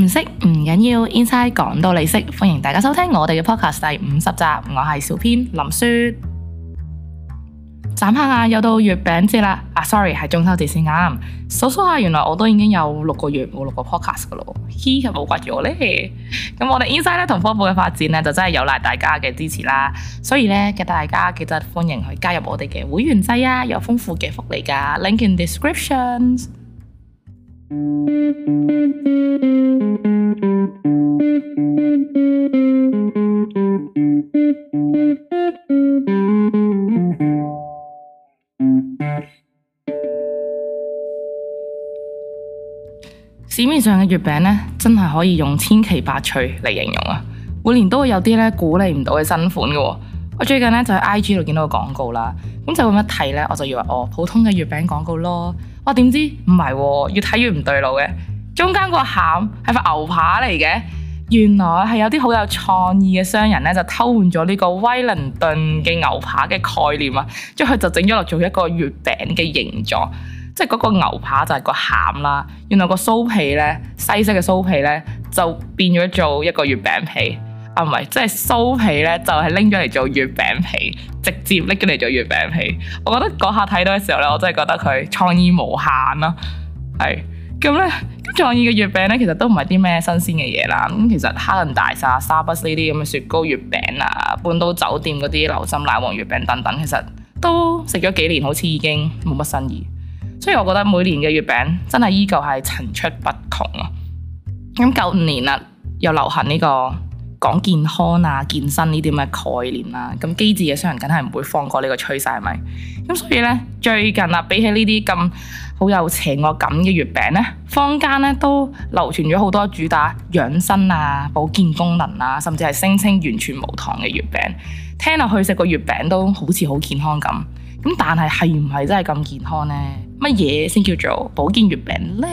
唔識唔緊要，Inside 講到你識，歡迎大家收聽我哋嘅 Podcast 第五十集，我係小編林雪。眨下眼，又到月餅節啦！啊，sorry，係中秋節先啱。數數下，原來我都已經有六個月冇錄過 Podcast 噶咯，係咪冇掛住我呢？咁、 嗯、我哋 Inside 咧同科普嘅發展呢，就真係有賴大家嘅支持啦。所以呢，記得大家記得歡迎去加入我哋嘅會員制啊，有豐富嘅福利噶、啊。Link in descriptions。 上嘅月餅咧，真係可以用千奇百趣嚟形容啊！每年都會有啲咧鼓勵唔到嘅新款㗎喎、啊。我最近咧就喺 IG 度見到個廣告啦，咁就咁一睇咧，我就以為哦普通嘅月餅廣告咯。哇、啊，點知唔係，越睇越唔對路嘅。中間個餡係塊牛扒嚟嘅，原來係有啲好有創意嘅商人咧，就偷換咗呢個威倫頓嘅牛扒嘅概念啊，即係佢就整咗落做一個月餅嘅形狀。即係嗰個牛扒就係個餡啦，原來個酥皮呢，西式嘅酥皮呢，就變咗做一個月餅皮，啊唔係，即係酥皮呢，就係拎咗嚟做月餅皮，直接拎咗嚟做月餅皮。我覺得嗰下睇到嘅時候呢，我真係覺得佢創意無限咯、啊，係咁呢，咁創意嘅月餅呢，其實都唔係啲咩新鮮嘅嘢啦。咁其實哈根達斯、啊、沙布斯呢啲咁嘅雪糕月餅啊，半島酒店嗰啲流心奶黃月餅等等，其實都食咗幾年，好似已經冇乜新意。所以，我覺得每年嘅月餅真係依舊係層出不窮啊！咁九年啦、啊，又流行呢、這個講健康啊、健身呢啲咁嘅概念啦、啊。咁機智嘅商人梗係唔會放過呢個趨勢，係咪？咁所以呢，最近啊，比起呢啲咁好有邪惡感嘅月餅呢，坊間呢都流傳咗好多主打養生啊、保健功能啊，甚至係聲稱完全無糖嘅月餅，聽落去食個月餅都好似好健康咁。咁但係係唔係真係咁健康呢？乜嘢先叫做保健月餅呢？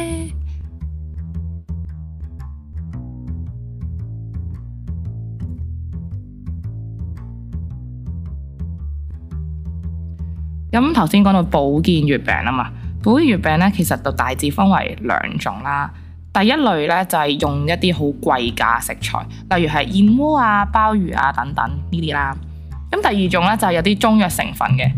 咁頭先講到保健月餅啊嘛，保健月餅咧其實就大致分為兩種啦。第一類咧就係用一啲好貴價食材，例如係燕窩啊、鮑魚啊等等呢啲啦。咁第二種咧就係有啲中藥成分嘅。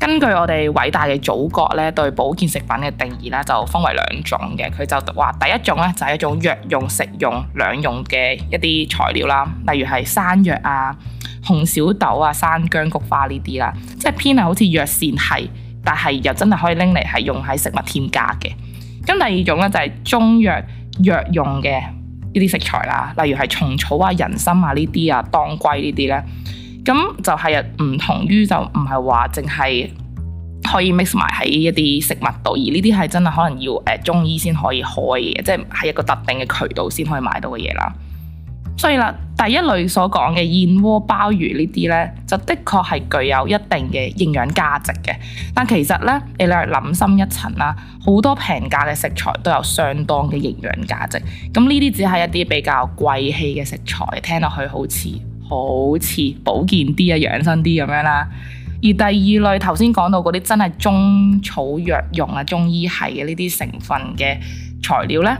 根據我哋偉大嘅祖國咧，對保健食品嘅定義咧，就分為兩種嘅。佢就話第一種咧，就係一種藥用、食用兩用嘅一啲材料啦，例如係山藥啊、紅小豆啊、生薑、菊花呢啲啦，即係偏係好似藥膳係，但係又真係可以拎嚟係用喺食物添加嘅。咁第二種咧就係中藥藥用嘅呢啲食材啦，例如係蟲草啊、人參啊呢啲啊、當歸呢啲咧。咁就係啊，唔同於就唔係話淨係可以 mix 埋喺一啲食物度，而呢啲係真係可能要誒、呃、中醫先可以開嘅，即係喺一個特定嘅渠道先可以買到嘅嘢啦。所以啦，第一類所講嘅燕窩鮑魚呢啲呢，就的確係具有一定嘅營養價值嘅。但其實呢，你略諗深一層啦，好多平價嘅食材都有相當嘅營養價值。咁呢啲只係一啲比較貴氣嘅食材，聽落去好似。好似保，保健啲啊、養生啲咁樣啦。而第二類頭先講到嗰啲真係中草藥用啊、中醫係嘅呢啲成分嘅材料呢，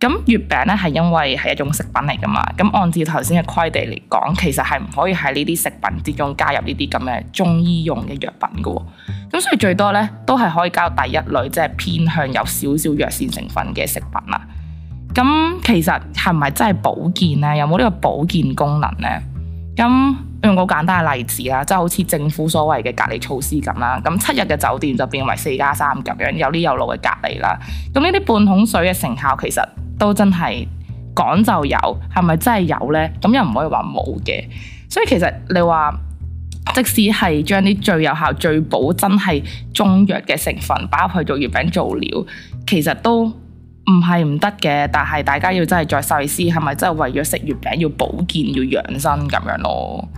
咁月餅呢係因為係一種食品嚟噶嘛，咁按照頭先嘅規定嚟講，其實係唔可以喺呢啲食品之中加入呢啲咁嘅中醫用嘅藥品噶喎。咁所以最多呢都係可以加入第一類，即係偏向有少少藥膳成分嘅食品啦。咁其實係咪真係保健呢？有冇呢個保健功能呢？咁用個簡單嘅例子啦，即係好似政府所謂嘅隔離措施咁啦，咁七日嘅酒店就變為四加三咁樣，3, 有啲有路嘅隔離啦。咁呢啲半桶水嘅成效其實都真係講就有，係咪真係有呢？咁又唔可以話冇嘅。所以其實你話，即使係將啲最有效、最補真係中藥嘅成分，包入去做月餅做料，其實都～唔係唔得嘅，但係大家要真係再細思，係咪真係為咗食月餅要保健、要養生咁樣咯？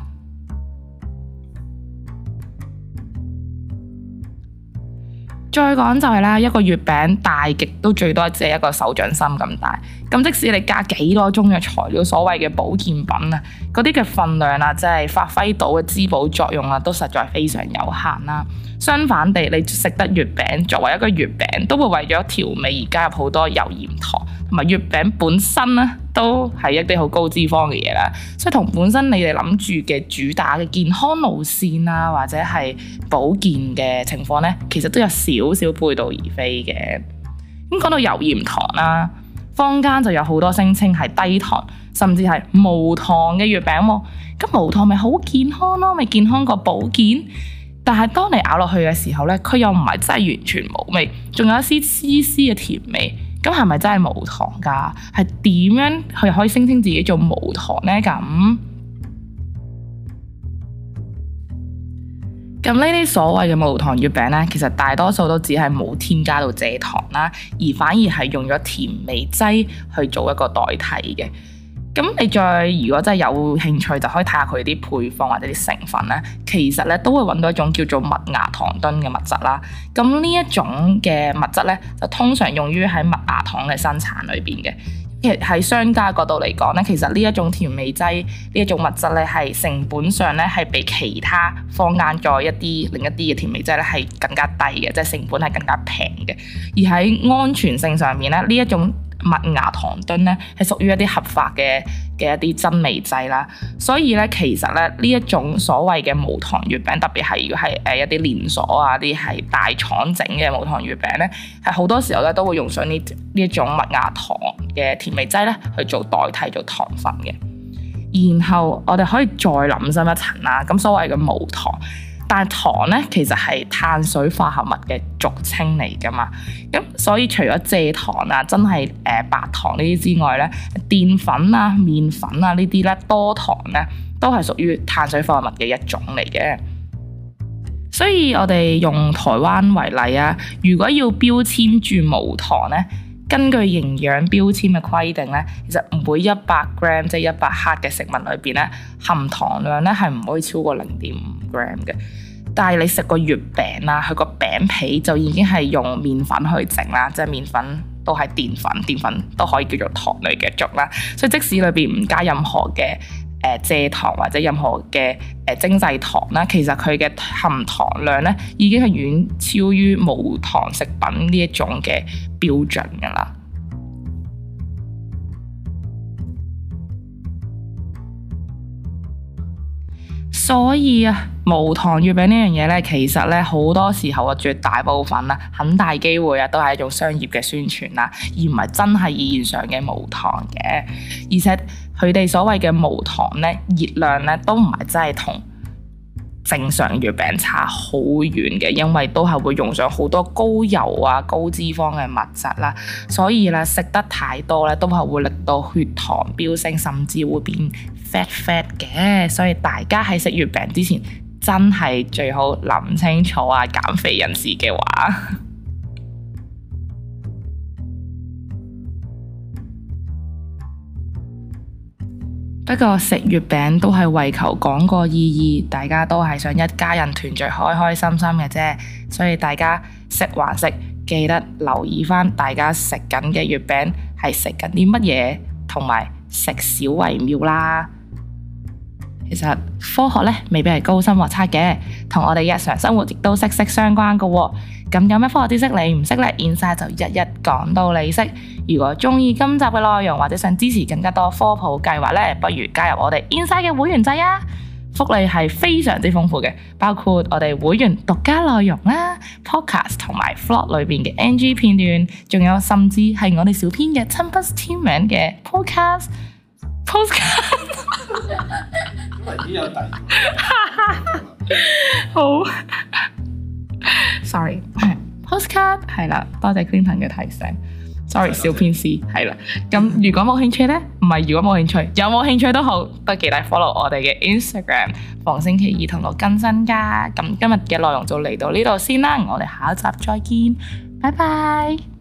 再講就係啦，一個月餅大極都最多只係一個手掌心咁大，咁即使你加幾多種嘅材料，所謂嘅保健品啊，嗰啲嘅份量呀，即係發揮到嘅滋補作用啊，都實在非常有限啦。相反地，你食得月餅作為一個月餅，都會為咗調味而加入好多油鹽糖。同埋月餅本身咧，都係一啲好高脂肪嘅嘢啦，所以同本身你哋諗住嘅主打嘅健康路線啊，或者係保健嘅情況呢，其實都有少少背道而馳嘅。咁講到油鹽糖啦、啊，坊間就有好多聲稱係低糖，甚至係無糖嘅月餅喎、哦。咁無糖咪好健康咯，咪健康過保健。但係當你咬落去嘅時候呢，佢又唔係真係完全冇味，仲有一絲絲絲嘅甜味。咁係咪真係無糖噶？係點樣佢可以聲稱自己做無糖呢？咁咁呢啲所謂嘅無糖月餅呢，其實大多數都只係冇添加到蔗糖啦，而反而係用咗甜味劑去做一個代替嘅。咁你再如果真係有興趣，就可以睇下佢啲配方或者啲成分咧。其實咧都會揾到一種叫做麥芽糖墩嘅物質啦。咁呢一種嘅物質咧，就通常用於喺麥芽糖嘅生產裏邊嘅。其實喺商家角度嚟講咧，其實呢一種甜味劑，呢一種物質咧，係成本上咧係比其他放眼咗一啲另一啲嘅甜味劑咧係更加低嘅，即係成本係更加平嘅。而喺安全性上面咧，呢一種。麥芽糖墩咧係屬於一啲合法嘅嘅一啲增味劑啦，所以咧其實咧呢一種所謂嘅無糖月餅，特別係如果係誒一啲連鎖啊啲係大廠整嘅無糖月餅咧，係好多時候咧都會用上呢呢一種麥芽糖嘅甜味劑咧去做代替做糖分嘅。然後我哋可以再諗深一層啦，咁所謂嘅無糖。但係糖咧，其實係碳水化合物嘅俗稱嚟㗎嘛，咁所以除咗蔗糖啊、真係誒、呃、白糖呢啲之外咧，澱粉啊、麵粉啊呢啲咧，多糖咧，都係屬於碳水化合物嘅一種嚟嘅。所以我哋用台灣為例啊，如果要標籤住無糖咧，根據營養標籤嘅規定咧，其實每一百 gram 即係一百克嘅食物裏邊咧，含糖量咧係唔可以超過零點五 gram 嘅，但係你食個月餅啦，佢個餅皮就已經係用麵粉去整啦，即係麵粉都係澱粉，澱粉都可以叫做糖類嘅種啦，所以即使裏邊唔加任何嘅誒蔗糖或者任何嘅誒、呃、精製糖啦，其實佢嘅含糖量咧已經係遠超於無糖食品呢一種嘅標準噶啦。所以啊，無糖月餅呢樣嘢呢，其實呢，好多時候啊，絕大部分啦，很大機會啊，都係一種商業嘅宣傳啦，而唔係真係意義上嘅無糖嘅。而且佢哋所謂嘅無糖呢，熱量呢，都唔係真係同正常月餅差好遠嘅，因為都係會用上好多高油啊、高脂肪嘅物質啦。所以呢，食得太多呢，都係會令到血糖飆升，甚至會變 fat fat 嘅，所以大家喺食月餅之前，真係最好諗清楚啊！減肥人士嘅話， 不過食月餅都係為求講個意義，大家都係想一家人團聚，開開心心嘅啫。所以大家食還食，記得留意返大家食緊嘅月餅係食緊啲乜嘢，同埋食少為妙啦。其實科學咧，未必係高深莫測嘅，同我哋日常生活亦都息息相關㗎喎。咁有咩科學知識你唔識呢？i n s 就一一講到你識。如果中意今集嘅內容，或者想支持更加多科普計劃咧，不如加入我哋 i n s 嘅會員制啊！福利係非常之豐富嘅，包括我哋會員獨家內容啦、podcast 同埋 Vlog 裏邊嘅 NG 片段，仲有甚至係我哋小編嘅親筆簽名嘅 podcast。都係啲有題目。好，sorry。Postcard 係啦，多謝 Clinton 嘅提醒。Sorry，小編師係啦。咁如果冇興趣呢，唔係如果冇興趣，有冇興趣都好，都記得 follow 我哋嘅 Instagram，逢星期二同我更新㗎。咁今日嘅內容就嚟到呢度先啦，我哋下一集再見，拜拜。